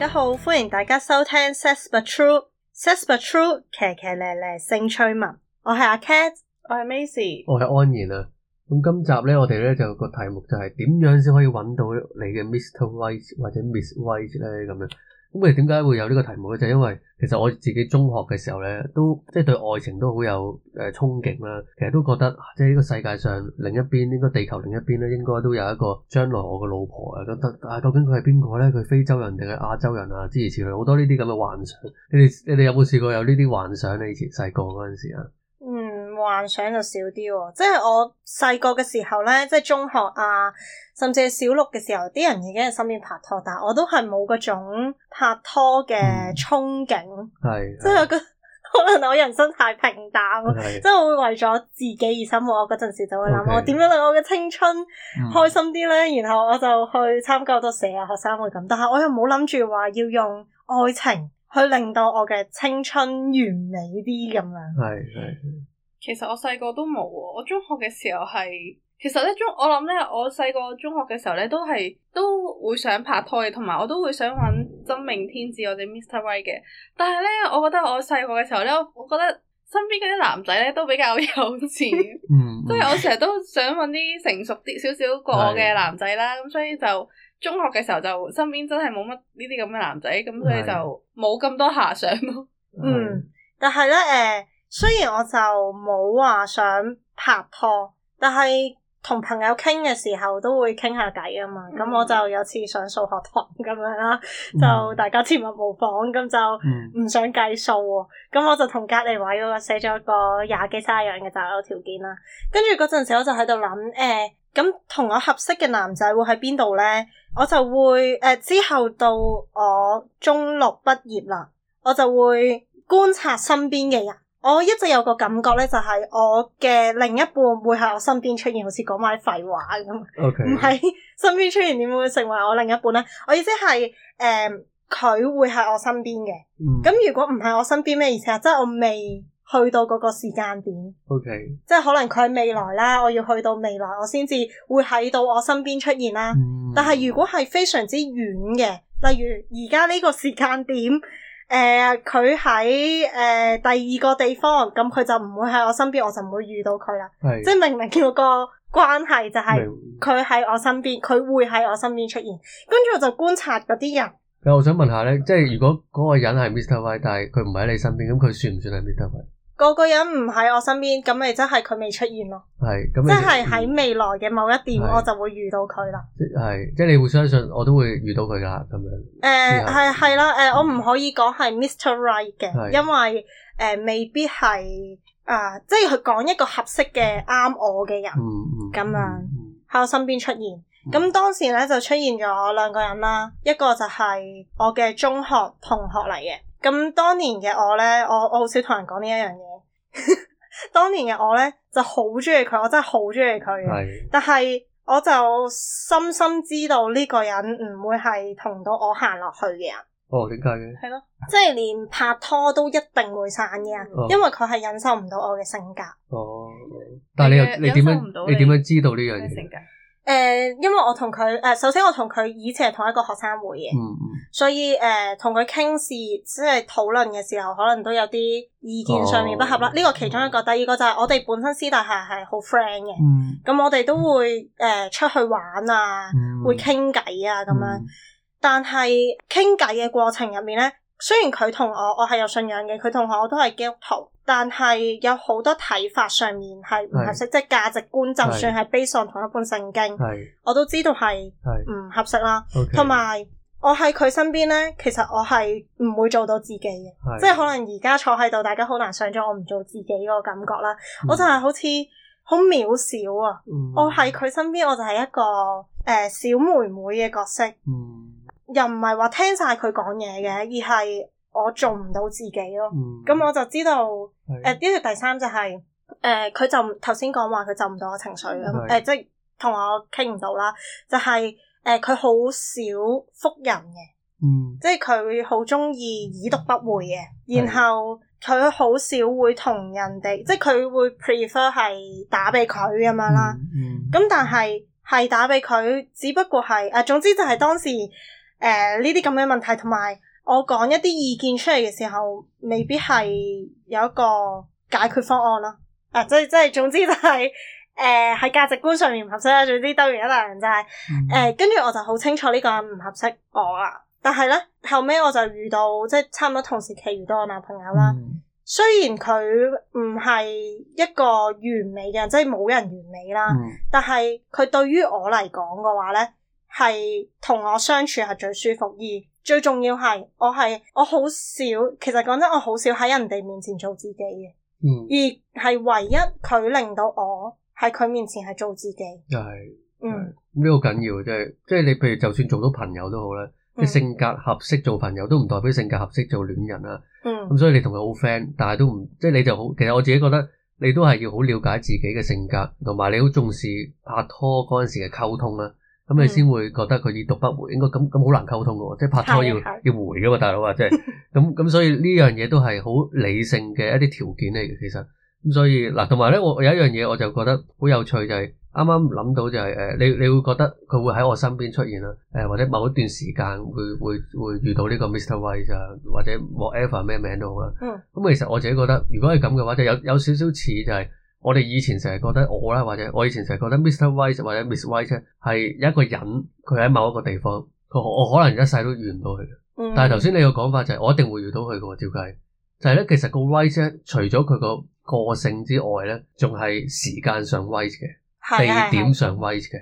大家好，歡迎大家收聽 s true, true, 騎騎騎《Says But True》，《Says But True》，騎騎咧咧性趣聞。我係阿 Cat，我係 Macy，我係安然啊。咁今集咧，我哋咧就個題目就係、是、點樣先可以搵到你嘅 Mr White 或者 Miss White 咧？咁樣。咁誒，點解會有呢個題目咧？就係因為其實我自己中學嘅時候咧，都即係對愛情都好有誒憧憬啦。其實都覺得、啊、即係呢個世界上另一邊，應該地球另一邊咧，應該都有一個將來我嘅老婆啊。覺得啊，究竟佢係邊個咧？佢非洲人定係亞洲人啊？諸如此類，好多呢啲咁嘅幻想。你哋你哋有冇試過有呢啲幻想咧？以前細個嗰陣時啊？幻想就少啲喎，即係我細個嘅時候咧，即係中學啊，甚至係小六嘅時候，啲人已經係身邊拍拖，但係我都係冇嗰種拍拖嘅憧憬，係、嗯、即係我覺得可能我人生太平淡，即係我會為咗自己而生活。我嗰陣時就會諗 okay, 我點樣令我嘅青春開心啲咧？嗯、然後我就去參加好多社啊，學生會咁，但係我又冇諗住話要用愛情去令到我嘅青春完美啲咁樣，係係。其實我細個都冇啊，我中學嘅時候係，其實咧中我諗咧，我細個中學嘅時候咧都係都會想拍拖嘅，同埋我都會想揾真命天子或者 Mr. Right 嘅。但係咧，我覺得我細個嘅時候咧，我覺得身邊嗰啲男仔咧都比較幼稚，嗯，所以我成日都想揾啲成熟啲少少過我嘅男仔啦。咁的所以就中學嘅時候就身邊真係冇乜呢啲咁嘅男仔，咁所以就冇咁多遐想咯。的 嗯，但係咧，誒、呃。雖然我就冇話想拍拖，但係同朋友傾嘅時候都會傾下偈啊嘛。咁、嗯、我就有次上數學堂咁樣啦，嗯、就大家切勿模仿咁就唔想計數咁，嗯、我就同隔籬位嗰個寫咗一個廿幾三十樣嘅擇偶條件啦。跟住嗰陣時我就喺度諗，誒，咁同我合適嘅男仔會喺邊度咧？我就會誒、欸、之後到我中六畢業啦，我就會觀察身邊嘅人。我一直有個感覺咧，就係、是、我嘅另一半會喺我身邊出現，好似講埋啲廢話咁。唔喺 Okay. 身邊出現，點會成為我另一半咧？我意思係誒，佢、呃、會喺我身邊嘅。咁、嗯、如果唔喺我身邊咩意思啊？即、就、係、是、我未去到嗰個時間點。即係 Okay. 可能佢喺未來啦，我要去到未來，我先至會喺到我身邊出現啦。嗯、但係如果係非常之遠嘅，例如而家呢個時間點。誒，佢喺誒第二個地方，咁佢就唔會喺我身邊，我就唔會遇到佢啦。係是，即係明明叫個關係就係佢喺我身邊，佢白會喺我身邊出現，跟住我就觀察嗰啲人。我想問下咧，即係如果嗰個人係 Mr. Y，但係佢唔喺你身邊，咁佢算唔算係 Mr. Y？個個人唔喺我身邊，咁咪真係佢未出現咯。係，就是、即係喺未來嘅某一點，是我就會遇到佢啦。即、呃、係、right 是呃呃，即係你會相信，我都會遇到佢噶咁樣。誒，係係啦，誒，我唔可以講係 Mr. Right 嘅，因為誒未必係啊，即係佢講一個合適嘅啱我嘅人，咁是樣喺我身邊出現。咁當時咧就出現咗兩個人啦，一個就係我嘅中學同學嚟嘅。咁當年嘅我咧，我我好少同人講呢一樣嘢。 當年嘅我咧就好中意佢，我真係好中意佢。係。但係我就深深知道呢個人唔會係同到我行落去嘅人。哦，點解嘅？係咯，即係連拍拖都一定會散嘅，嗯、因為佢係忍受唔到我嘅性格。哦，但係你又你點樣？你點樣知道呢樣性格？誒，因為我同佢誒，首先我同佢以前係同一個學生會嘅，嗯、所以誒，同佢傾事即係討論嘅時候，可能都有啲意見上面不合啦。呢、哦、個其中一個，嗯、第二個就係我哋本身私底下係好 friend 嘅，咁、嗯、我哋都會誒、呃、出去玩啊，嗯、會傾偈啊咁樣，嗯、但係傾偈嘅過程入面咧。雖然佢同我，我係有信仰嘅，佢同我都係基督徒，但係有好多睇法上面係唔合適，是即係價值觀，就是算係背誦同一本聖經，是我都知道係唔合適啦。同埋、okay, 我喺佢身邊咧，其實我係唔會做到自己嘅，是即係可能而家坐喺度，大家好難想象我唔做自己個感覺啦。是我就係好似好渺小啊，是嗯、我喺佢身邊，我就係一個誒、呃、小妹妹嘅角色。嗯又唔係話聽晒佢講嘢嘅，而係我做唔到自己咯。咁、嗯、我就知道誒，跟的、呃這個、第三就係、是、誒，佢、呃、就頭先講話佢就唔到我情緒啦，誒即係同我傾唔到啦。就係、是、誒，佢、呃、好少覆人嘅，即係佢好中意已讀不回嘅。然後佢好少會同人哋，即係佢會 prefer 係打俾佢咁樣啦。咁但係係打俾佢，只不過係誒、呃，總之就係當時。誒，呢啲咁嘅問題，同埋我講一啲意見出嚟嘅時候，未必係有一個解決方案咯。啊、呃，即係即係，總之就係、是、誒，喺、呃、價值觀上面唔合適啦、啊。總之兜完一大圈就係、是、誒，跟、呃、住我就好清楚呢個人唔合適我啊。但係咧，後尾我就遇到即係差唔多同時期遇到我男朋友啦。嗯、雖然佢唔係一個完美嘅，即係冇人完美啦，嗯、但係佢對於我嚟講嘅話咧。係同我相處係最舒服，而最重要係我係我好少，其實講真，我好少喺人哋面前做自己嘅。嗯，而係唯一佢令到我喺佢面前係做自己，嗯這個。就係嗯呢個好緊要，即係即係你譬如就算做到朋友都好啦，即、嗯、性格合適做朋友都唔代表性格合適做戀人啊。嗯，咁所以你同佢好 friend，但係都唔即係你就好。其實我自己覺得你都係要好了解自己嘅性格，同埋你好重視拍拖嗰陣時嘅溝通啦。咁你先會覺得佢已讀不回，應該咁咁好難溝通嘅喎，即係拍拖要 要回嘅嘛，大佬啊，即係，咁、嗯、咁、嗯嗯、所以呢樣嘢都係好理性嘅一啲條件嚟嘅，其實咁、嗯、所以嗱，同埋咧，我有一樣嘢我就覺得好有趣，就係啱啱諗到就係、是、誒、呃，你你會覺得佢會喺我身邊出現啦，誒、呃、或者某一段時間會會會遇到呢個 Mr. White 就或者 whatever 咩名都好啦，咁、嗯嗯嗯、其實我自己覺得如果係咁嘅話，就有有少少似就係、是。我哋以前成日覺得我啦，或者我以前成日覺得 Mr. Right 或者 Miss Right 係一個人，佢喺某一個地方，佢我可能一世都遇唔到佢。嗯、但係頭先你個講法就係、是，我一定會遇到佢嘅。照計就係、是、咧，其實個 Right 咧，除咗佢個個性之外咧，仲係時間上 Right 嘅，的地點上 Right 嘅。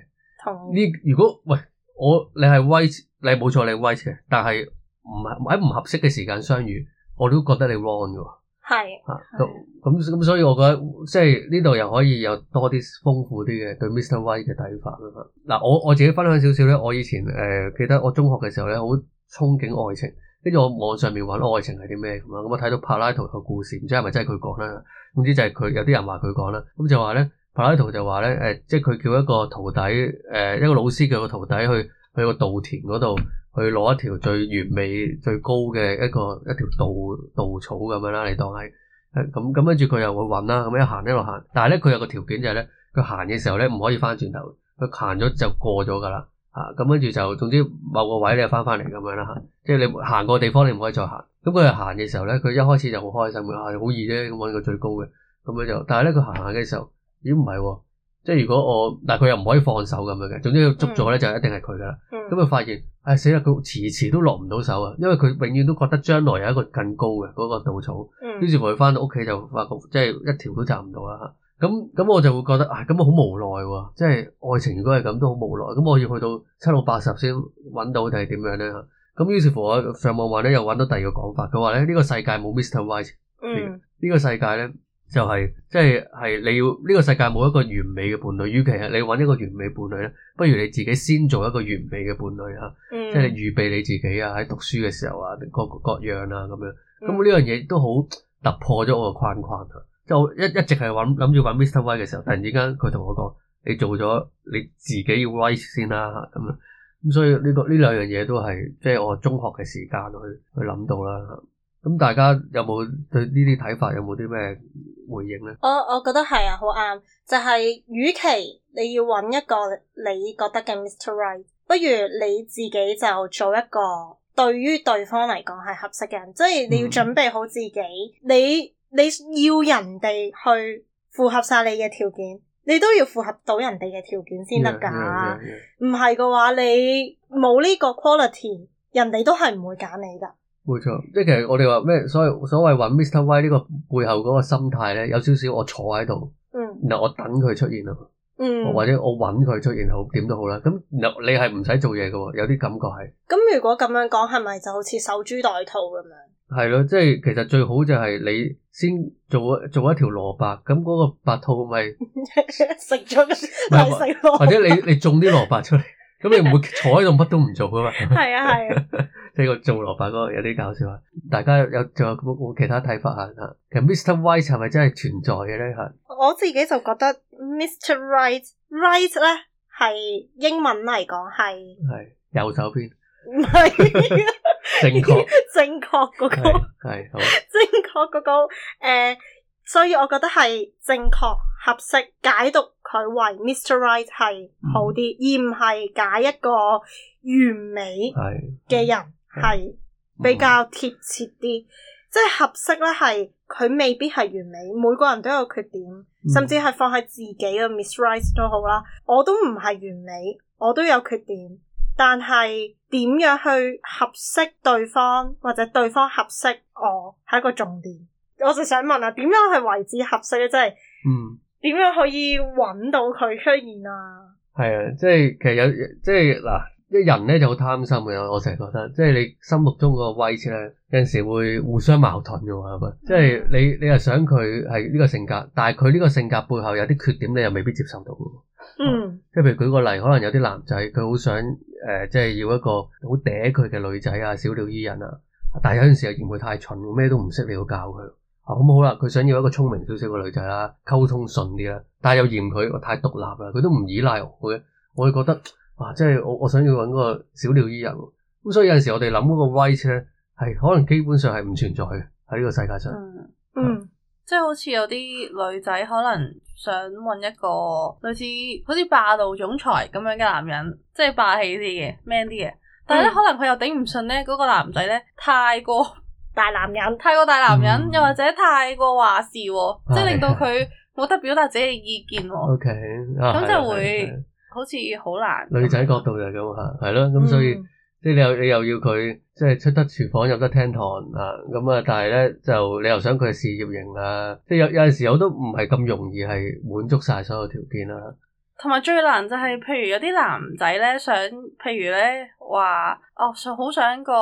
呢的，如果喂我你係 Right，你冇錯你係 Right 嘅，但係唔喺唔合適嘅時間相遇，我都覺得你 wrong 嘅。係吓，咁咁、啊，嗯嗯嗯，所以我覺得即係呢度又可以有多啲豐富啲嘅對 Mr. Y 嘅睇法啊嗱，我我自己分享少少咧，我以前誒、呃、記得我中學嘅時候咧，好憧憬愛情，跟住我網上面揾愛情係啲咩咁啊，咁我睇到柏拉圖嘅故事，唔知係咪真係佢講啦。總之就係佢有啲人話佢講啦，咁、嗯、就話咧柏拉圖就話咧，誒、呃，即係佢叫一個徒弟，誒、呃，一個老師叫個徒弟去去個稻田嗰度。去攞一條最完美最高嘅一個一條稻稻草咁樣啦，你當係咁咁，跟住佢又會揾啦，咁一行一路行，但係咧佢有個條件就係咧，佢行嘅時候咧唔可以翻轉頭，佢行咗就過咗㗎啦嚇，咁跟住就總之某個位你翻翻嚟咁樣啦嚇，即係你行過地方你唔可以再行，咁佢行嘅時候咧，佢一開始就好開心，啊好易啫，咁揾個最高嘅，咁樣就，但係咧佢行行嘅時候，咦唔係喎。即係如果我，但係佢又唔可以放手咁樣嘅。總之要捉咗咧就一定係佢噶啦。咁佢、嗯、發現，唉死啦！佢遲遲都落唔到手啊，因為佢永遠都覺得將來有一個更高嘅嗰、那個稻草。嗯、於是乎佢翻到屋企就話，即、就、係、是、一條都摘唔到啦。咁咁我就會覺得，唉、哎，咁啊好無奈喎。即係愛情如果係咁都好無奈。咁我要去到七老八十先揾到定係點樣咧？咁於是乎我上網話咧又揾到第二個講法，佢話咧呢、呢個世界冇 Mr. Wise 呢、嗯、個世界咧。就係即係係你要呢個世界冇一個完美嘅伴侶，與其係你揾一個完美伴侶咧，不如你自己先做一個完美嘅伴侶吓，即係你預備你自己啊，喺讀書嘅時候啊，各各樣啦咁樣，咁呢樣嘢都好突破咗我嘅框框吓，即係一一直係諗諗住揾 Mr. Y 嘅時候，突然之間佢同我講，你做咗你自己要 Y 先啦咁，咁所以呢個呢兩樣嘢都係即係我中學嘅時間去去諗到啦。咁大家有冇對呢啲睇法？有冇啲咩回應咧？我我覺得係啊，好啱。就係、是，與其你要揾一個你覺得嘅 Mr. Right，不如你自己就做一個對於對方嚟講係合適嘅人。即係你要準備好自己，嗯、你你要人哋去符合晒你嘅條件，你都要符合到人哋嘅條件先得㗎。唔係嘅話，你冇呢個 quality，人哋都係唔會揀你㗎。冇錯，即係其實我哋話咩所謂所謂話 Mr. Y 呢個背後嗰個心態咧，有少少我坐喺度，嗯，然後我等佢出現啊，嗯，或者我揾佢出現好點都好啦。咁嗱，你係唔使做嘢嘅喎，有啲感覺係。咁如果咁樣講，係咪就好似守株待兔咁樣？係咯，即係其實最好就係你先做做一條蘿蔔，咁嗰個白兔咪食咗個食蘿，或者你你種啲蘿蔔出嚟。 咁 你唔會坐喺度乜都唔做噶嘛、 啊？係啊係，即係個做蘿蔔嗰個有啲搞笑啊！大家有仲有冇其他睇法啊？吓，其實 Mr. Right 係咪真係存在嘅咧？吓，我自己就覺得 Mr. Right，Right 咧係英文嚟講係係右手邊，那個，唔係 正確正確嗰個係好正確嗰個誒。呃所以我覺得係正確合適解讀佢為 Mr. Right 係好啲，嗯、而唔係解一個完美嘅人係比較貼切啲。嗯、即係合適咧，係佢未必係完美，每個人都有缺點，嗯、甚至係放喺自己嘅 Miss Right 都好啦。我都唔係完美，我都有缺點，但係點樣去合適對方或者對方合適我係一個重點。我就想問啊，點樣去位置合適咧？即係，嗯，點樣可以揾到佢出現啊？係啊，即係其實有即係嗱，啲人咧就好貪心嘅，我成日覺得，即係你心目中個位置咧，有陣時會互相矛盾嘅，係咪？嗯、即係你你又想佢係呢個性格，但係佢呢個性格背後有啲缺點，你又未必接受到嘅。嗯，啊、即係譬如舉個例，可能有啲男仔佢好想誒、呃，即係要一個好嗲佢嘅女仔啊，小鳥依人啊，但係有陣時又嫌佢太蠢，咩都唔識，你要教佢。啊、嗯，好唔好啦？佢想要一個聰明少少嘅女仔啊，溝通順啲啦，但係又嫌佢太獨立啦，佢都唔依賴我嘅，我就覺得哇，即係我我想要揾個小鳥依人，咁所以有陣時我哋諗嗰個 right 咧，係可能基本上係唔存在嘅喺呢個世界上。嗯，是嗯，即係好似有啲女仔可能想揾一個類似好似霸道總裁咁樣嘅男人，即係霸氣啲嘅，man 啲嘅，但係咧、嗯、可能佢又頂唔順咧，嗰個男仔咧太過。大男人，太過大男人，又或者太過話事、啊，啊、即係令到佢冇得表達自己嘅意見、啊。O K，咁就會好似好難、啊。啊、女仔角度就係咁嚇，係咯、嗯。咁所以即係你又你又要佢即係出得廚房入得廳堂啊。咁啊，但係咧就你又想佢事業型啊。即係有有陣時我都唔係咁容易係滿足晒所有條件啦、啊。同埋最難就係，譬如有啲男仔咧想，譬如咧話，哦，想、哦、好想個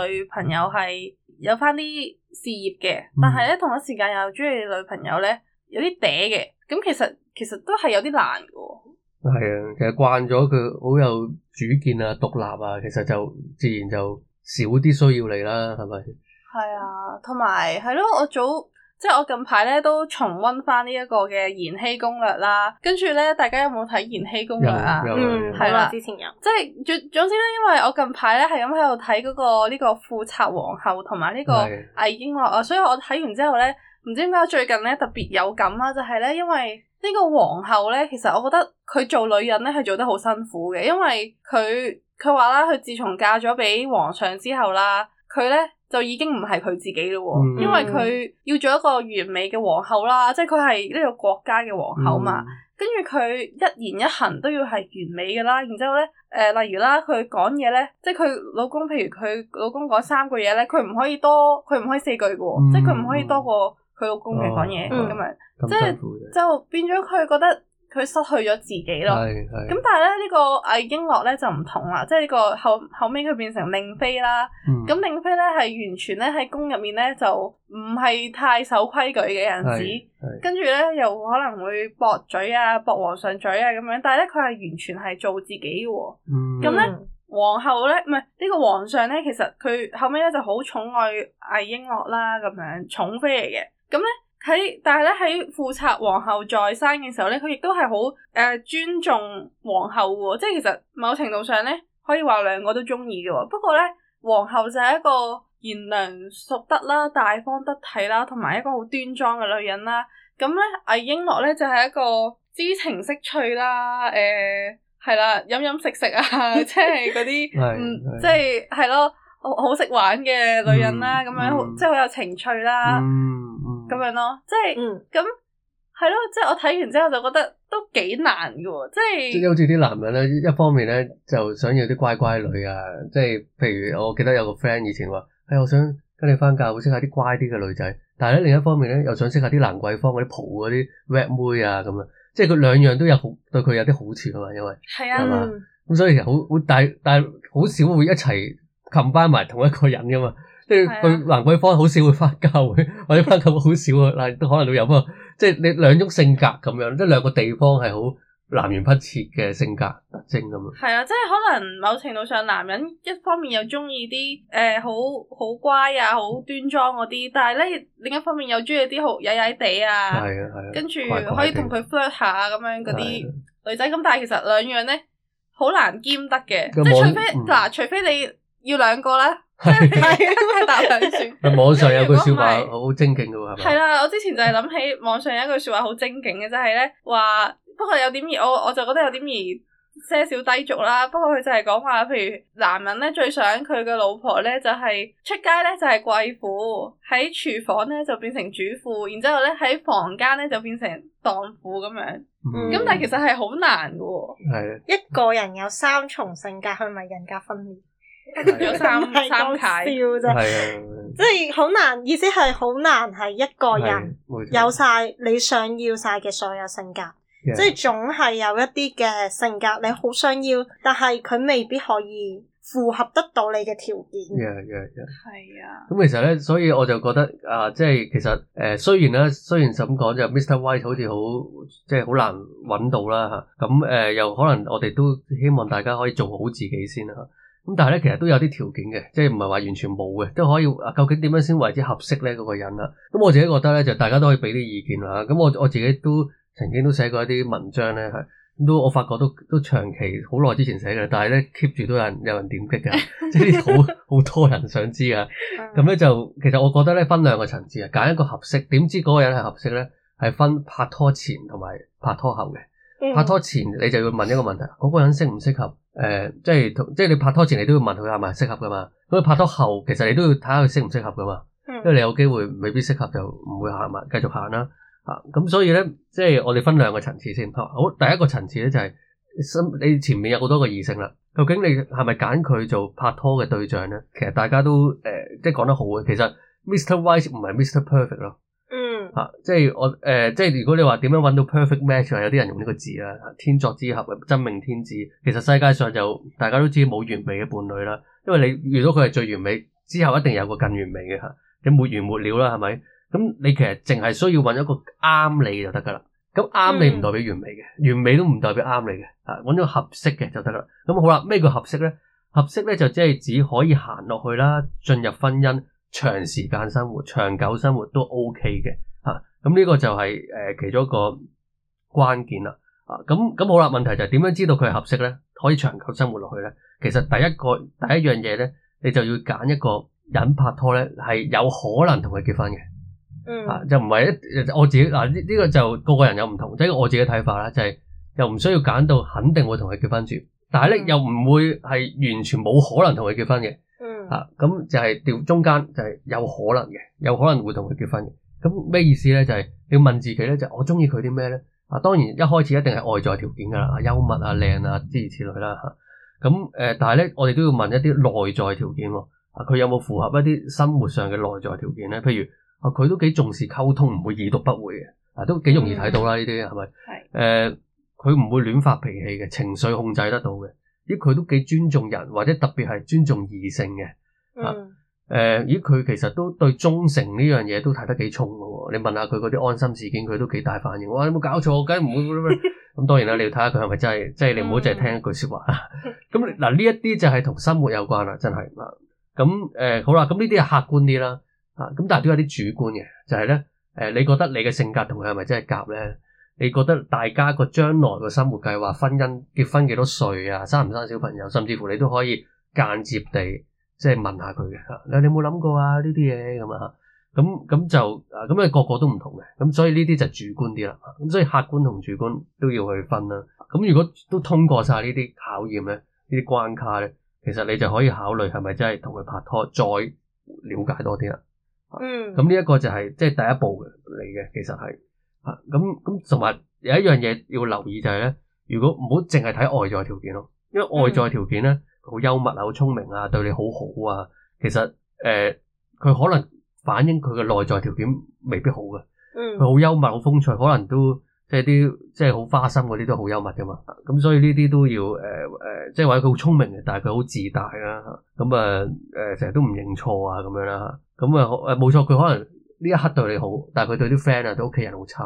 女朋友係、嗯。有返啲事業嘅，但係咧同一時間又中意女朋友咧，有啲嗲嘅，咁其實其實都係有啲難嘅。係啊，其實慣咗佢好有主見啊、獨立啊，其實就自然就少啲需要你啦，係咪？係啊，同埋係咯，我早。即係我近排咧都重温翻呢一個嘅《延禧攻略》啦，跟住咧大家有冇睇《延禧攻略》啊？嗯，係啦吧，吧之前有。即係總總之咧，因為我近排咧係咁喺度睇嗰個呢個，個《富察皇后》同埋呢個《魏瓔珞》啊，所以我睇完之後咧，唔知點解最近咧特別有感啦，就係咧，因為個呢個皇后咧，其實我覺得佢做女人咧係做得好辛苦嘅，因為佢佢話啦，佢自從嫁咗俾皇上之後啦，佢咧。就已經唔係佢自己咯，嗯、因為佢要做一個完美嘅皇后啦，即係佢係呢個國家嘅皇后嘛。嗯、跟住佢一言一行都要係完美嘅啦。然之後咧，誒、呃，例如啦，佢講嘢咧，即係佢老公，譬如佢老公講三句嘢咧，佢唔可以多，佢唔可以四句嘅，嗯、即係佢唔可以多過佢老公嘅講嘢咁樣，即係就變咗佢覺得。佢失去咗自己咯，咁是是 但係咧呢、呢個魏瓔珞咧就唔同啦，即係呢個後後尾佢變成令妃啦，咁、嗯、令妃咧係完全咧喺宮入面咧就唔係太守規矩嘅人士，是是跟住咧又可能會駁嘴啊，駁皇上嘴啊咁樣，但係咧佢係完全係做自己嘅，咁咧、嗯嗯、皇后咧唔係呢、呢個皇上咧，其實佢後尾咧就好寵愛魏瓔珞啦，咁樣寵妃嚟嘅，咁咧。喺但係咧，喺富察皇后在生嘅時候咧，佢亦都係好誒尊重皇后嘅，即係其實某程度上咧，可以話兩個都中意嘅。不過咧，皇后就係一個賢良淑德啦、大方得體啦，同埋一個好端莊嘅女人啦。咁咧，魏瓔珞咧就係一個知情識趣、呃、啦，誒係啦，飲飲食食啊，即係嗰啲，即係係咯，好好食玩嘅女人啦，咁樣即係好有情趣啦。嗯咁樣咯，即係，咁係咯，即係我睇完之後就覺得都幾難嘅，即係。即係好似啲男人咧，一方面咧就想要啲乖乖女啊，即係譬如我記得有個 friend 以前話，係、哎、我想跟你翻教，會識下啲乖啲嘅女仔。但係咧，另一方面咧，又想識下啲蘭桂坊嗰啲蒲嗰啲 rap 妹啊咁樣，即係佢兩樣都有好，對佢有啲好處啊嘛，因為係啊，係咪？咁所以好會但但係好少會一齊冚翻埋同一個人噶嘛。即係佢蘭桂坊好少會發姣， 或者發姣好少啊，但 都可能都有、就是就是、啊。即係你兩種性格，咁樣，即係兩個地方係好南轅北轍嘅性格特徵咁咯。係啊，即係可能某程度上，男人一方面又中意啲誒好好乖啊，好端莊嗰啲，但係咧另一方面又中意啲好曳曳地啊。係啊係啊，啊跟住可以同佢 flirt 下咁樣嗰啲女仔。咁、啊、但係其實兩樣咧，好難兼得嘅。即係、啊啊、除非嗱，嗯、除非你要兩個啦。係，啊，係搭上船。網上有句說話好精警嘅，係咪？係啦，我之前就係諗起網上有一句說話好精警嘅，就係咧話，不過有點兒我我就覺得有點兒些少低俗啦。不過佢就係講話，譬如男人咧最想佢嘅老婆咧就係、是、出街咧就係貴婦，喺廚房咧就變成主婦，然之後咧喺房間咧就變成蕩婦咁樣。咁、嗯、但係其實係好難嘅、哦。係的一個人有三重性格，係咪人格分裂？有三三派啫，即係好難，意思係好難係一個人有晒你想要晒嘅所有性格，即係、啊、總係有一啲嘅性格你好想要，但係佢未必可以符合得到你嘅條件。係啊，咁、啊、其實咧，所以我就覺得啊，即係其實誒、呃，雖然咧，雖然咁講就 Mr White 好似好即係好難揾到啦吓，咁、啊、誒、啊呃、又可能我哋都希望大家可以做好自己先啦。啊咁但係咧，其實都有啲條件嘅，即係唔係話完全冇嘅，都可以。啊，究竟點樣先為之合適咧？嗰個人啊。咁我自己覺得咧，就大家都可以俾啲意見啦。咁我我自己都曾經都寫過一啲文章咧，咁都我發覺都都長期好耐之前寫嘅，但係咧 keep 住都有人有人點擊嘅，即係好好多人想知啊。咁咧 就其實我覺得咧，分兩個層次啊，揀一個合適，點知嗰個人係合適咧，係分拍拖前同埋拍拖後嘅。拍拖前你就要問一個問題，嗰個人適唔適合？誒、呃，即係即係你拍拖前你都要問佢係咪適合噶嘛，咁佢拍拖後其實你都要睇下佢適唔適合噶嘛，因為你有機會未必適合就唔會行埋繼續行啦吓，咁、啊、所以咧即係我哋分兩個層次先吓，好，第一個層次咧就係、是、心你前面有好多個異性啦，究竟你係咪揀佢做拍拖嘅對象咧？其實大家都誒、呃、即係講得好嘅，其實 Mr Wise 唔係 Mr Perfect 咯。啊，即係我誒、呃，即係如果你話點樣揾到 perfect match，有啲人用呢個字啦、啊，天作之合，真命天子。其實世界上就大家都知冇完美嘅伴侶啦，因為你遇到佢係最完美之後，一定有一個更完美嘅吓，你、啊、沒完沒了啦，係咪？咁你其實淨係需要揾一個啱你就得噶啦。咁、啊、啱、嗯、你唔代表完美嘅，完美都唔代表啱你嘅，吓，揾到合適嘅就得啦。咁、啊、好啦，咩叫合適咧？合適咧就即、是、係只可以行落去啦，進入婚姻，長時間生活，長久生活都 OK 嘅。咁呢個就係誒其中一個關鍵啦啊！咁咁好啦，問題就係點樣知道佢係合適咧，可以長久生活落去咧？其實第一個第一樣嘢咧，你就要揀一個人拍拖咧，係有可能同佢結婚嘅啊，就唔係一我自己嗱呢，呢個就個個人有唔同，即係我自己睇法啦，就係又唔需要揀到肯定會同佢結婚住，但係咧、嗯、又唔會係完全冇可能同佢結婚嘅，嗯啊，咁就係調中間就係有可能嘅、啊，有可能會同佢結婚嘅。咁咩意思咧？就係、是、要問自己咧，就是、我中意佢啲咩咧？啊，當然一開始一定係外在條件噶啦，幽默啊，靚啊，諸如此類啦吓。咁、啊、誒，但係咧，我哋都要問一啲內在條件喎。啊，佢、啊、有冇符合一啲生活上嘅內在條件咧？譬如啊，佢都幾重視溝通，唔會已讀不回嘅。啊，都幾容易睇到啦，呢啲係咪？係誒、嗯，佢唔、啊、會亂發脾氣嘅，情緒控制得到嘅。咦，佢都幾尊重人，或者特別係尊重異性嘅。啊、嗯。誒，咦、呃，佢其實都對忠誠呢樣嘢都睇得幾重嘅喎，哦。你問下佢嗰啲安心事件，佢都幾大反應。哇！你冇搞錯，我梗係唔會咁。當然啦， 你要睇下佢係咪真係，即係你唔好淨係聽一句說話。咁嗱，呢一啲就係同生活有關，呃、啦，真係。咁誒，好啦，咁呢啲係客觀啲啦。啊，咁但係都有啲主觀嘅，就係咧，誒，你覺得你嘅性格同佢係咪真係夾咧？你覺得大家個將來個生活計劃，婚姻結婚幾多歲啊，生唔生小朋友？甚至乎你都可以間接地。即係問問下佢嘅吓，你你有冇諗過啊？呢啲嘢咁啊，咁咁就啊咁啊個個都唔同嘅，咁所以呢啲就主觀啲啦。咁所以客觀同主觀都要去分啦。咁如果都通過晒呢啲考驗咧，呢啲關卡咧，其實你就可以考慮係咪真係同佢拍拖，再了解多啲啦。嗯，咁呢一個就係即係第一步嚟嘅，其實係吓咁咁同埋有一樣嘢要留意就係咧，如果唔好淨係睇外在條件咯，因為外在條件咧。嗯好幽默啊，好聰明啊，對你好好啊。其實，誒、呃，佢可能反映佢嘅內在條件未必好嘅。嗯。佢好幽默，好風趣，可能都即係啲即係好花心嗰啲都好幽默噶嘛。咁所以呢啲都要誒誒、呃，即係或者佢好聰明嘅，但係佢好自大啦。咁啊誒，成、呃、日都唔認錯啊，咁樣啦。咁啊誒，冇錯，佢可能呢一刻對你好，但係佢對啲 friend 啊，對屋企人好差。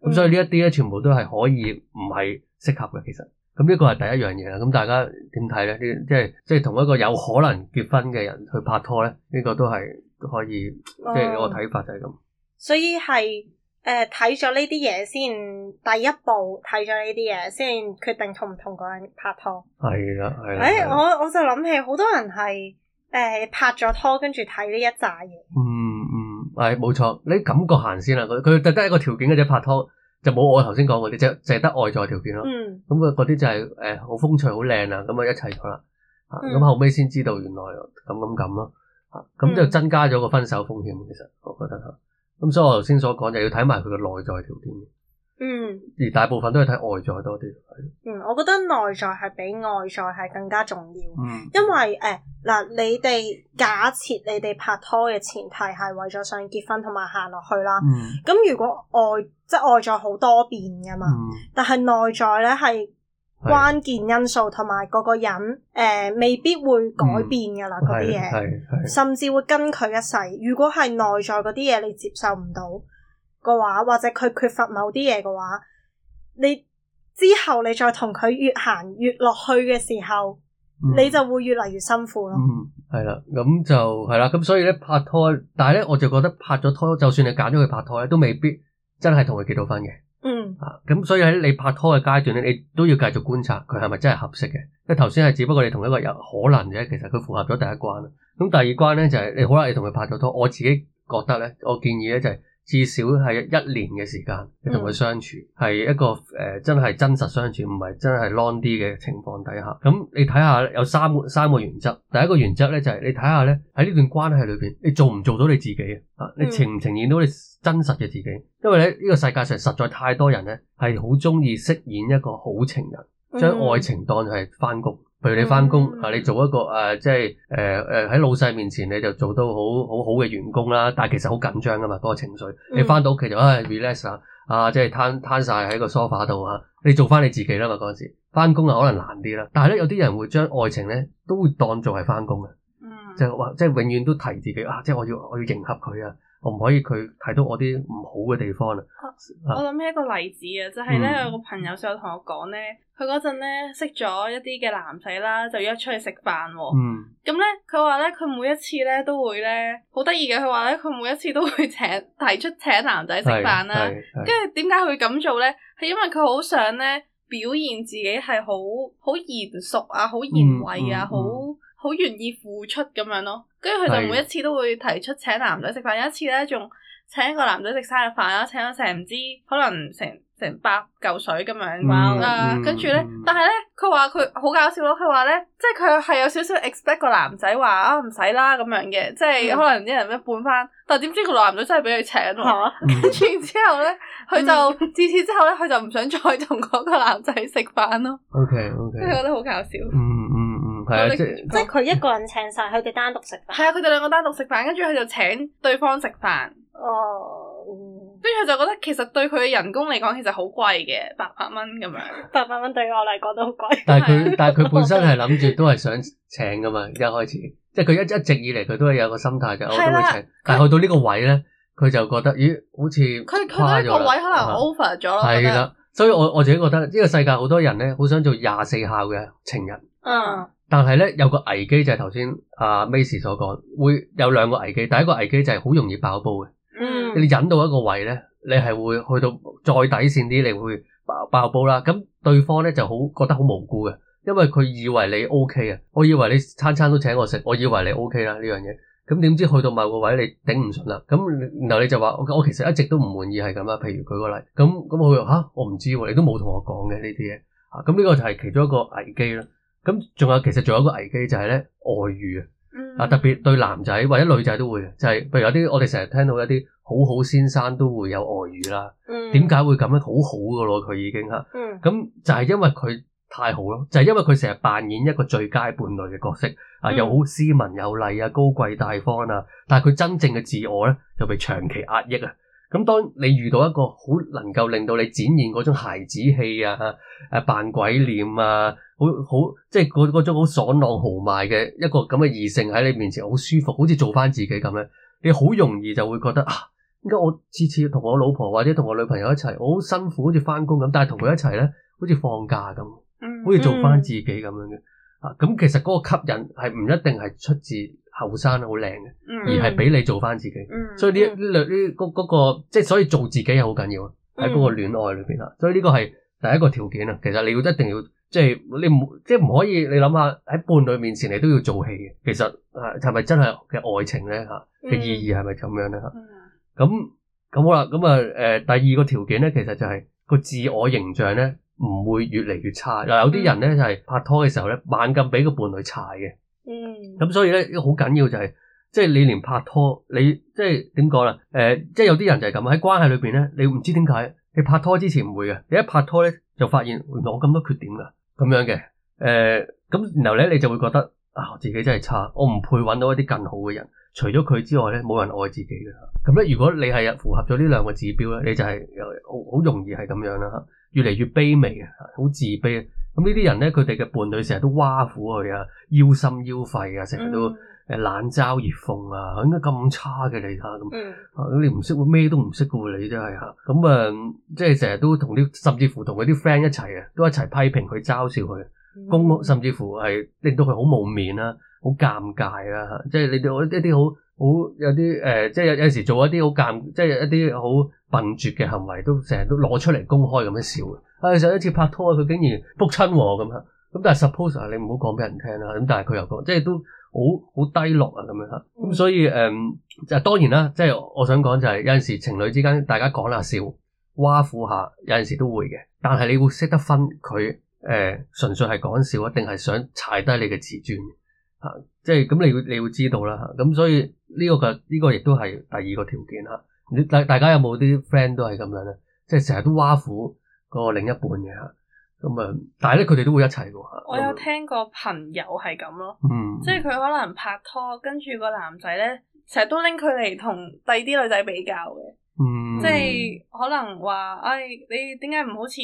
咁、嗯、所以呢一啲咧，全部都係可以唔係適合嘅，其實。咁呢個係第一樣嘢啦，咁大家點睇咧？呢即係即係同一個有可能結婚嘅人去拍拖咧，呢、這個都係可以，即係、嗯、我睇法就係咁。所以係誒睇咗呢啲嘢先，第一步睇咗呢啲嘢先，決定同唔同嗰人拍拖。係啦，係啦。誒、哎，我我就諗起好多人係誒、呃、拍咗拖，跟住睇呢一紮嘢。嗯嗯，係、哎、冇錯，你感覺行先啦，佢佢得得一個條件嘅啫，拍拖。就冇我頭先講嗰啲，就係得外在條件咯。咁佢嗰啲就係誒好風趣、好靚、嗯、啊，咁啊一齊咗啦。咁後尾先知道原來咁咁咁咯。咁、啊、就增加咗個分手風險。其實我覺得嚇。咁、啊、所以我頭先所講就要睇埋佢嘅內在條件。嗯。而大部分都係睇外在多啲。嗯，我覺得內在係比外在係更加重要。嗯。因為誒嗱、呃，你哋假設你哋拍拖嘅前提係為咗想結婚同埋行落去啦。咁、嗯、如果外即係外在好多變噶嘛，嗯、但係內在咧係關鍵因素，同埋個個人誒、呃、未必會改變噶啦，嗰啲嘢，甚至會跟佢一世。如果係內在嗰啲嘢你接受唔到嘅話，或者佢缺乏某啲嘢嘅話，你之後你再同佢越行越落去嘅時候，嗯、你就會越嚟越辛苦咯。係啦、嗯，咁就係啦，咁所以咧拍拖，但係咧我就覺得拍咗拖，就算你揀咗佢拍拖咧，都未必。真係同佢結到婚嘅。嗯啊，咁所以喺你拍拖嘅階段咧，你都要繼續觀察佢係咪真係合適嘅。即係頭先係只不過你同一個有可能啫，其實佢符合咗第一關。咁第二關咧就係、是、你好啦，你同佢拍咗拖。我自己覺得咧，我建議咧就係、是。至少係一年嘅時間，你同佢相處係、嗯、一個誒、呃、真係真實相處，唔係真係 long 啲嘅情況底下。咁你睇下有三個三個原則。第一個原則呢，就係、是、你睇下呢，喺呢段關係裏邊，你做唔做到你自己啊？嗯、你呈唔呈現到你真實嘅自己？因為呢、呢個世界上實在太多人呢，係好中意飾演一個好情人，將愛情當係翻工。嗯嗯譬如你翻工啊，嗯、你做一個啊、呃，即係誒誒喺老細面前你就做到好好好嘅員工啦，但係其實好緊張噶嘛，嗰、嗰個情緒。你翻到屋企就誒 relax 下啊，即係攤攤晒喺個 sofa 度啊，你做翻你自己啦嘛，嗰陣時翻工啊可能難啲啦，但係咧有啲人會將愛情咧都會當做係翻工啊，嗯、就話即係永遠都提自己啊，即係我要我要迎合佢啊。可唔可以佢睇到我啲唔好嘅地方啊！啊我諗起一個例子啊，就係、是、咧、嗯、有個朋友想同我講咧，佢嗰陣咧識咗一啲嘅男仔啦，就約出去食飯。嗯，咁咧佢話咧佢每一次咧都會咧好得意嘅，佢話咧佢每一次都會請提出請男仔食飯啦。跟住點解佢咁做咧？係因為佢好想咧表現自己係好好賢淑啊，好賢惠啊，好、嗯。嗯好願意付出咁樣咯，跟住佢就每一次都會提出請男仔食飯，有一次咧仲請一個男仔食生日飯啊，請咗成唔知可能成成百嚿水咁樣啊，跟住咧，但係咧佢話佢好搞笑咯，佢話咧即係佢係有少少 expect 個男仔話啊唔使啦咁樣嘅，即係可能一人一半翻，但係點知個男仔真係俾佢請喎、啊，跟住之後咧佢就自此之後咧佢就唔想再同嗰個男仔食飯咯。OK OK，佢覺得好搞笑。嗯嗯佢、啊、即係佢一個人請晒，佢哋單獨食飯。係啊，佢哋兩個單獨食飯，跟住佢就請對方食飯。哦，跟住佢就覺得其實對佢嘅人工嚟講，其實好貴嘅，八百蚊咁樣。八百蚊對我嚟講都好貴。但係他佢， 但係佢本身係諗住都係想請噶嘛，一開始，即係佢一一直以嚟佢都係有個心態、啊、我都會請，他但係去到呢個位咧，佢就覺得咦，好似佢佢嗰一個位可能 over 咗啦。係啦、啊，所以我我自己覺得呢個世界好多人咧，好想做廿四孝嘅情人。嗯。但係咧，有個危機就係頭先阿 Mais 所講，會有兩個危機。第一個危機就係好容易爆煲嘅。嗯，你忍到一個位咧，你係會去到再底線啲，你會爆爆煲啦。咁對方咧就好覺得好無辜嘅，因為佢以為你 OK 啊，我以為你餐餐都請我食，我以為你 OK 啦呢樣嘢。咁點知去到某個位你頂唔順啦？咁然後你就話：我其實一直都唔滿意係咁啊。譬如舉個例，咁咁佢嚇我唔知喎、啊，你都冇同我講嘅呢啲嘢啊。咁呢個就係其中一個危機啦。咁仲有，其實仲有一個危機就係咧外遇啊！啊，特別對男仔或者女仔都會嘅，就係譬如有啲我哋成日聽到一啲好好先生都會有外遇啦。點解會咁樣好好嘅咯？佢已經嚇，咁就係因為佢太好咯，就係因為佢成日扮演一個最佳伴侶嘅角色啊，又好斯文有禮啊，高貴大方啊，但係佢真正嘅自我咧就被長期壓抑啊。咁當你遇到一個好能夠令到你展現嗰種孩子氣啊，誒、啊、扮鬼臉啊，好好即係嗰種好爽朗豪邁嘅一個咁嘅異性喺你面前，好舒服，好似做翻自己咁樣，你好容易就會覺得啊，點解我次次同我老婆或者同我女朋友一齊，我好辛苦，好似翻工咁，但係同佢一齊咧，好似放假咁，好似做翻自己咁樣嘅、嗯、啊，咁其實嗰個吸引係唔一定係出自。後生好靚嘅，而係俾你做翻自己，嗯、所以呢呢呢嗰個即係所以做自己係好緊要喺嗰個戀愛裏邊啦。嗯、所以呢個係第一個條件啊。其實你要一定要即係你唔即係唔可以你諗下喺伴侶面前你都要做戲嘅。其實吓係咪真係嘅愛情咧吓嘅意義係咪咁樣咧吓？咁咁、嗯、好啦，咁啊誒第二個條件咧，其實就係、是、個自我形象咧唔會越嚟越差。嗱有啲人咧就係、是、拍拖嘅時候咧猛咁俾個伴侶踩嘅。嗯，咁所以咧，呢個好緊要就係，即係你連拍拖，你即係點講啦？誒，即係、呃、有啲人就係咁，喺關係裏邊咧，你唔知點解，你拍拖之前唔會嘅，你一拍拖咧就發現，原來我咁多缺點噶，咁樣嘅，誒、呃，咁然後咧，你就會覺得啊，自己真係差，我唔配搵到一啲更好嘅人，除咗佢之外咧，冇人愛自己嘅，咁咧，如果你係符合咗呢兩個指標咧，你就係好好容易係咁樣啦，越嚟越卑微嘅，好自卑。咁呢啲人咧，佢哋嘅伴侶成日都挖苦佢啊，腰心腰肺啊，成日都誒冷嘲熱諷啊，點解咁差嘅你啊？咁你唔識咩都唔識嘅喎，你真係嚇。咁、嗯、啊，即係成日都同啲，甚至乎同佢啲 friend 一齊啊，都一齊批評佢，嘲笑佢，公、嗯、甚至乎係令到佢好冇面啦，好尷尬啦。即係你哋一啲好好有啲誒、呃，即係有有時做一啲好尷，即係一啲好笨拙嘅行為，都成日都攞出嚟公開咁樣笑。誒、啊、上一次拍拖佢竟然仆親喎咁嚇，咁但係 suppose 你唔好講俾人聽啦。咁但係佢又講，即係都好好低落啊咁樣嚇。咁、嗯、所以誒就、嗯、當然啦，即係我想講就係有陣時情侶之間大家講下笑，挖苦下，有陣時都會嘅。但係你會識得分佢誒、呃、純粹係講笑啊，定係想踩低你嘅自尊嚇？即係咁你會你會知道啦。咁、啊、所以呢、這個嘅呢、這個亦都係第二個條件嚇。你、啊、大大家有冇啲 friend 都係咁樣咧？即係成日都挖苦。個另一半嘅咁啊，但係咧，佢哋都會一齊嘅。我有聽過朋友係咁咯，嗯，即係佢可能拍拖，跟住個男仔咧，成日都拎佢嚟同第二啲女仔比較嘅，嗯，即係可能話，哎，你點解唔好似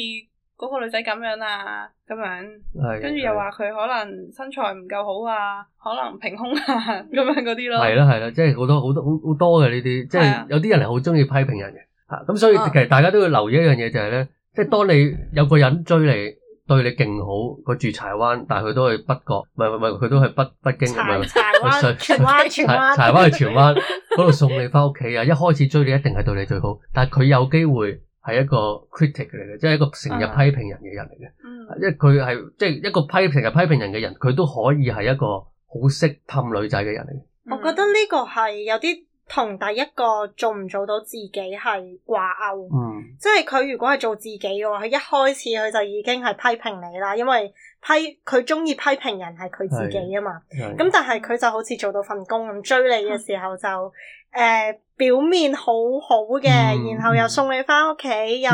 嗰個女仔咁樣啊？咁樣，係，跟住又話佢可能身材唔夠好啊，可能平胸啊，咁樣嗰啲咯，係咯係咯，即係好多好多好好多嘅呢啲，即係有啲人係好中意批評人嘅吓，咁所以其實大家都要留意一樣嘢就係咧。即係當你有個人追你，對你勁好，佢住柴灣，但係佢都去北角，唔係唔係，佢都去北北京，柴柴灣，柴灣， 柴灣去荃灣，嗰度 送你翻屋企啊！一開始追你一定係對你最好，但係佢有機會係一個 critic 嚟嘅，即係一個成日批評人嘅人嚟嘅，因為佢係即係一個批成日批評人嘅人，佢都可以係一個好識氹女仔嘅人嚟嘅。我覺得呢個係有啲。同第一個做唔做到自己係掛鈎，嗯、即係佢如果係做自己嘅話，佢一開始佢就已經係批評你啦，因為批佢中意批評人係佢自己啊嘛。咁的、嗯、但係佢就好似做到份工咁追你嘅時候就。嗯誒、呃，表面好好嘅，嗯、然後又送你翻屋企，嗯、又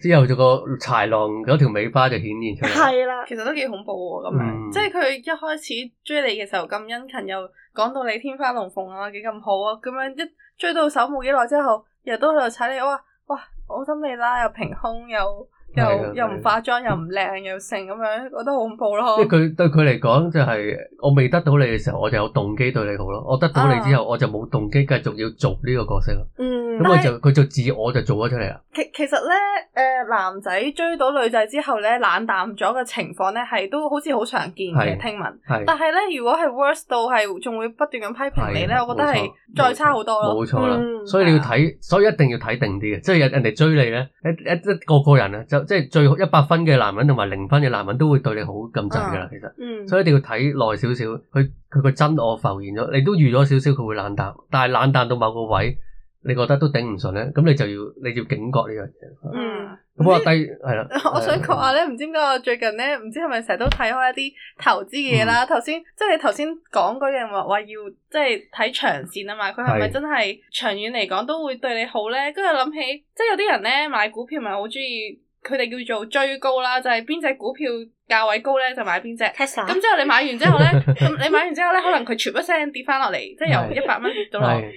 之、嗯、後就個豺狼嗰條尾巴就顯現出嚟，係啦的，其實都幾恐怖咁樣，嗯、即係佢一開始追你嘅時候咁殷勤，又講到你天花龍鳳啊，幾咁好啊，咁樣一追到手冇幾耐之後，又都喺度踩你，哇哇，好得未啦，又平胸又。又又唔化妝又唔靚又剩咁樣，覺得好恐怖咯。即係佢對佢嚟講，就係我未得到你嘅時候，我就有動機對你好咯。我得到你之後，我就冇動機繼續要做呢個角色咯。嗯，咁我就佢就自我就做咗出嚟啦。其其實咧，誒男仔追到女仔之後咧，冷淡咗嘅情況咧，係都好似好常見嘅聽聞。係，但係咧，如果係 worse 到係，仲會不斷咁批評你咧，我覺得係再差好多咯。冇錯啦，所以你要睇，所以一定要睇定啲嘅，即係人人哋追你咧，一一個個人咧即係最好一百分嘅男人同埋零分嘅男人都會對你好咁滯噶啦，其實，嗯，所以一定要睇耐少少，佢佢個真我浮現咗，你都預咗少少佢會冷淡，但係冷淡到某個位，你覺得都頂唔順咧，咁你就要你要警覺呢樣嘢。嗯，咁話低係啦。的我想講話咧，唔知點解我最近咧，唔知係咪成日都睇開一啲投資嘅嘢啦。頭先即係你頭先講嗰樣話話要即係睇長線啊嘛，佢係咪真係長遠嚟講都會對你好咧？跟住諗起，即係有啲人咧買股票咪好中意。佢哋叫做追高啦，就係邊隻股票價位高咧就買邊隻，咁 T essa? 之後你買完之後咧，咁 你買完之後咧，可能佢全部聲跌翻落嚟，即係由一百蚊跌到落廿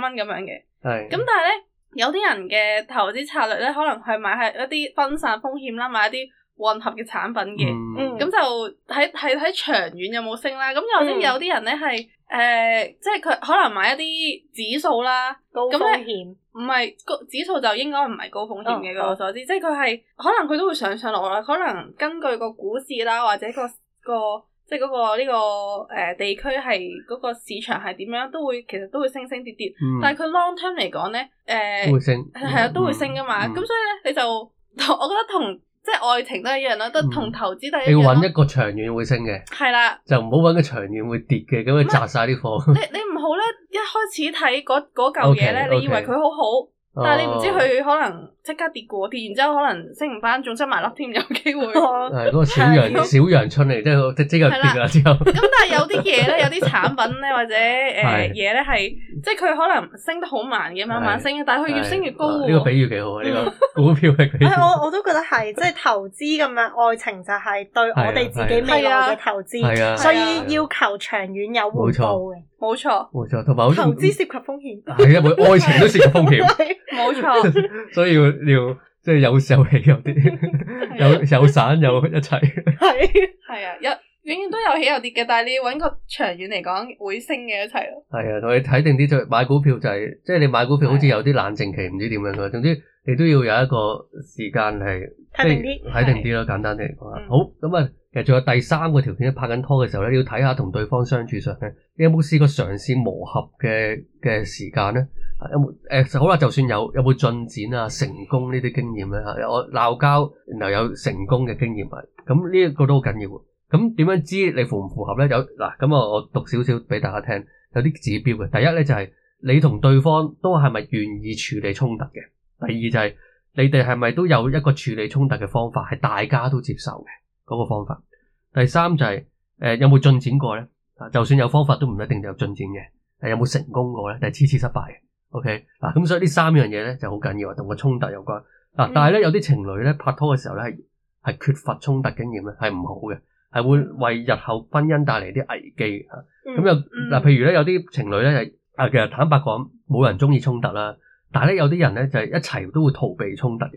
蚊咁樣嘅。係， 咁對但係咧，有啲人嘅投資策略咧，可能係買係一啲分散風險啦，買一啲混合嘅產品嘅，咁、嗯、就喺喺喺長遠有冇升啦。咁、嗯、有啲有啲人咧係誒，即係佢可能買一啲指數啦，高風險咁咧。唔係個指數就應該唔係高風險嘅，據、oh, 我所知，即係佢係可能佢都會上上落落，可能根據個股市啦，或者個個即係、那、嗰個呢個誒地區係嗰個市場係點樣，都會其實都會升升跌跌。嗯、但係佢 long term 嚟講咧，呃、會升，係啊是、嗯、都會升㗎嘛。咁、嗯嗯、所以咧你就我覺得同。即係愛情都係一樣啦，都同投資都一樣咯、嗯。你揾一個長遠會升嘅，係啦的，就唔好揾個長遠會跌嘅，咁樣砸晒啲貨。你你唔好咧，一開始睇嗰嚿嘢咧，呢 okay, okay. 你以為佢好好，但係你唔知佢可能。Oh. 即刻跌過跌，然之後可能升唔翻，仲升埋粒添，有機會、啊。係嗰、 哎那個小陽 小陽春嚟，即係即即係跌啦之後。咁 的但係有啲嘢咧，有啲產品咧，或者誒嘢咧，係 的、呃、即係佢可能升得好慢嘅，慢慢升，但係佢越升越高。呢、呢個比喻幾好呢、呢個股票嘅。 係我我都覺得係，即、就、係、是、投資咁樣，愛情就係對我哋自己未來嘅投資， 所以要求長遠有回報嘅，冇錯。冇、嗯、錯，同埋錯投資涉及風險。係 啊，愛情都涉及風險，冇錯。所以你要即係有、 啊、有起有跌，有有散有一齊。係係啊，有永遠都有起有跌嘅，但係你要揾個長遠嚟講會升嘅一齊咯。係啊，同你睇定啲就買股票就係、是、即、就、係、是、你買股票好似有啲冷靜期，唔、啊、知點樣嘅。總之你都要有一個時間係睇定啲，睇、啊、定啲咯，簡單啲嚟講。好咁啊，其實仲有第三個條件，拍緊拖嘅時候咧，要睇下同對方相處上咧，你有冇試過嘗試磨合嘅嘅時間咧？有冇？誒、欸、好啦，就算有有冇進展啊、成功呢啲經驗咧、啊？我鬧交，然後有成功嘅經驗啊，咁呢一個都好緊要。咁點樣，樣知你符唔符合咧？有嗱，咁啊，我讀少少俾大家聽，有啲指標嘅。第一咧就係、是、你同對方都係咪願意處理衝突嘅？第二就係你哋係咪都有一個處理衝突嘅方法係大家都接受嘅嗰、那個方法？第三就係、是、誒、欸、有冇進展過咧？啊，就算有方法都唔一定有進展嘅。誒有冇成功過咧？但係次次失敗。O.K. 嗱，咁所以呢三樣嘢咧就好緊要啊，同個衝突有關。嗱，但係咧有啲情侶咧拍拖嘅時候咧係係缺乏衝突經驗咧，係唔好嘅，係會為日後婚姻帶嚟啲危機。咁又嗱，譬如咧有啲情侶咧係啊，其實坦白講，冇人中意衝突啦。但係咧有啲人咧就一齊都會逃避衝突嘅。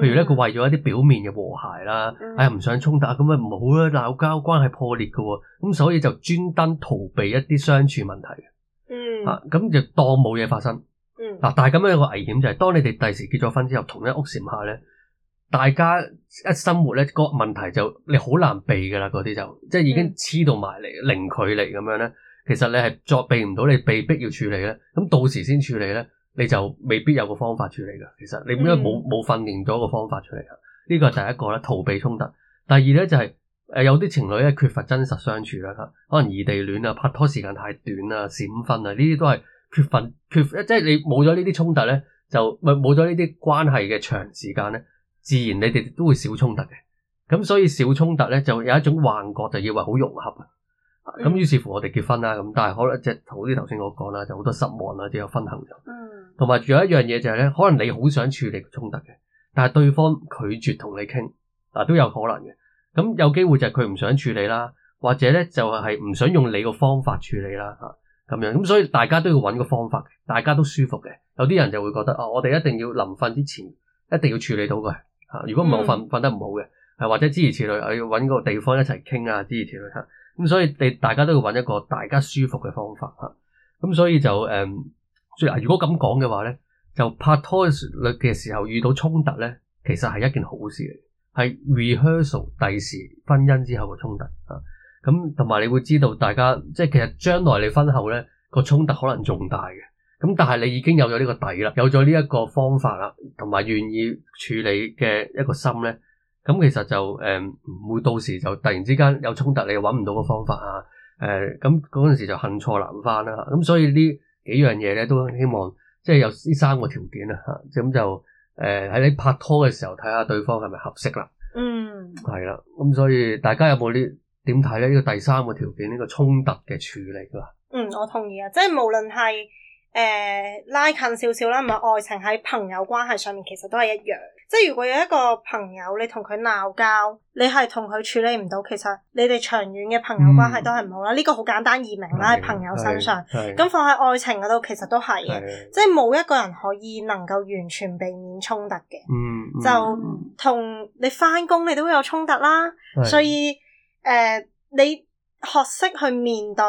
譬如咧佢為咗一啲表面嘅和諧啦，係唔想衝突，咁啊唔好啦，鬧交關係破裂噶。咁所以就專登逃避一啲相處問題。嗯。啊，咁就當冇嘢發生。嗱，但係咁樣有個危險就係，當你哋第時結咗婚之後，同一屋檐下咧，大家一生活咧，嗰個問題就你好難避噶啦，嗰啲就即係已經黐到埋嚟，零距離咁樣咧，其實你係作避唔到，你被逼要處理咧，咁到時先處理咧，你就未必有個方法處理噶。其實你應該冇冇訓練咗個方法出嚟噶。呢個係第一個咧，逃避衝突。第二咧就係誒，有啲情侶咧缺乏真實相處啦，可能異地戀啊，拍拖時間太短啊，閃婚啊，呢啲都係。缺乏、缺乏即係你冇咗呢啲衝突咧，就係冇咗呢啲關係嘅長時間咧，自然你哋都會少衝突嘅。咁所以少衝突咧，就有一種幻覺，就以為好融合啊。咁於是乎我哋結婚啦，咁但係可能即係同啲頭先我講啦，就好多失望啦，啲有分後咗。嗯，同埋仲有一樣嘢就係咧，可能你好想處理衝突嘅，但係對方拒絕同你傾，嗱、啊、都有可能嘅。咁有機會就係佢唔想處理啦，或者咧就係唔想用你個方法處理啦，嚇、啊。咁樣，咁所以大家都要揾個方法，大家都舒服嘅。有啲人就會覺得啊、哦，我哋一定要臨瞓之前一定要處理到佢。」吓，如果唔係我瞓瞓得唔好嘅，係或者諸如此類，我要揾嗰個地方一齊傾啊，諸如此類。吓、啊，咁所以你大家都要揾一個大家舒服嘅方法。吓、啊，咁、啊、所以就誒、嗯，如果咁講嘅話咧，就拍拖嘅時候遇到衝突咧，其實係一件好事嚟，係 rehearsal 第時婚姻之後嘅衝突。吓、啊。咁同埋，你會知道大家即係其實將來你婚後咧個衝突可能仲大嘅。咁但係你已經有咗呢個底啦，有咗呢一個方法啊，同埋願意處理嘅一個心咧。咁其實就誒唔、嗯、會到時就突然之間有衝突，你又揾唔到個方法啊。誒咁嗰陣時就恨錯難返啦。咁所以呢幾樣嘢咧都希望即係有呢三個條件啊。吓咁就誒喺、呃、你拍拖嘅時候睇下對方係咪合適啦。嗯，係啦。咁所以大家有冇呢？點睇咧？呢個第三個條件，呢個衝突嘅處理㗎。嗯，我同意啊，即係無論係誒拉近少少啦，唔係愛情，喺朋友關係上面，其實都係一樣。即係如果有一個朋友，你同佢鬧交，你係同佢處理唔到，其實你哋長遠嘅朋友關係都係唔好啦。呢個好簡單易明啦，喺朋友身上，咁放喺愛情嗰度，其實都係嘅。即係冇一個人可以能夠完全避免衝突嘅。嗯，就同你翻工，你都會有衝突啦，所以。誒，uh, 你學識去面對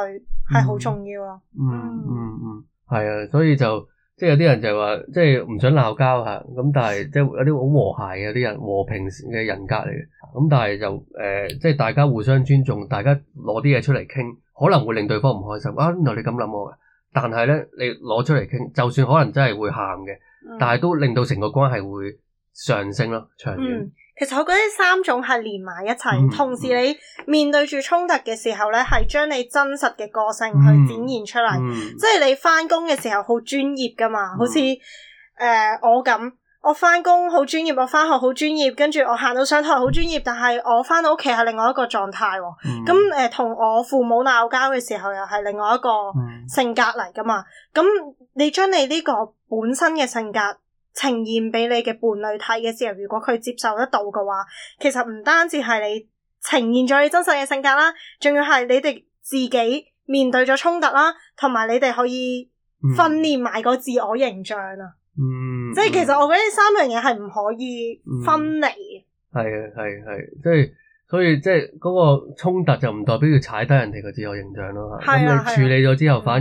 係好重要咯、嗯。嗯嗯嗯，係啊，所以就即係有啲人就話，即係唔想鬧交吓，咁但係即係有啲好和諧嘅啲人，和平嘅人格嚟嘅。咁但係就誒、呃，即係大家互相尊重，大家攞啲嘢出嚟傾，可能會令對方唔開心。啊，原來你咁諗我噶，但係咧你攞出嚟傾，就算可能真係會喊嘅，嗯、但係都令到成個關係會上升咯，長遠。嗯其實我覺得三種係連埋一齊，嗯、同時你面對住衝突嘅時候咧，係將你真實嘅個性去展現出嚟。即係、嗯、你翻工嘅時候好專業噶嘛，嗯、好似誒我咁，我翻工好專業，我翻學好專業，跟住我行到上台好專業，但係我翻到屋企係另外一個狀態、哦。咁誒、嗯，同、呃、我父母鬧交嘅時候又係另外一個性格嚟噶嘛。咁你將你呢個本身嘅性格，呈現俾你嘅伴侶睇嘅時候，如果佢接受得到嘅話，其實唔單止係你呈現咗你真實嘅性格啦，仲要係你哋自己面對咗衝突啦，同埋你哋可以訓練埋個自我形象啊、嗯。嗯，即係其實我覺得三樣嘢係唔可以分離。係啊、嗯，係、嗯、係，即係所以即係嗰個衝突就唔代表要踩低人哋個自我形象咯。係啊，咁你處理咗之後，嗯、反而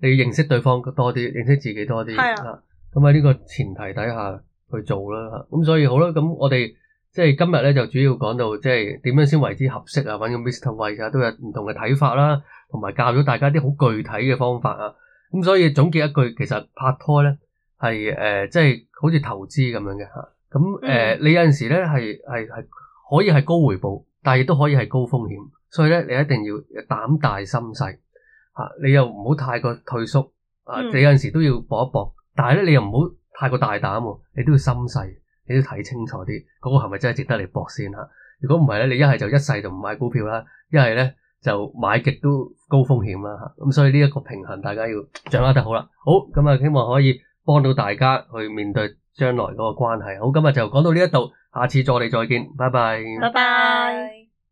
你認識對方多啲，認識自己多啲。係啊。咁喺呢個前提底下去做啦，咁所以好啦，咁我哋即係今日咧就主要講到即係點樣先為之合適啊，揾個 Mr. White 啊都有唔同嘅睇法啦，同埋教咗大家啲好具體嘅方法啊，咁所以總結一句，其實拍拖咧係誒即係好似投資咁樣嘅吓。咁誒、呃、你有陣時咧係係係可以係高回報，但係亦都可以係高風險，所以咧你一定要膽大心細吓、啊，你又唔好太過退縮啊，你有陣時都要搏一搏。但係咧，你又唔好太過大膽喎，你都要心細，你都睇清楚啲，嗰個係咪真係值得你搏先啦？如果唔係咧，你一係就一世就唔買股票啦，一係咧就買極都高風險啦嚇。咁所以呢一個平衡，大家要掌握得好啦。好，咁啊，希望可以幫到大家去面對將來嗰個關係。好，今日就講到呢一度，下次再嚟，再見，拜拜。拜拜。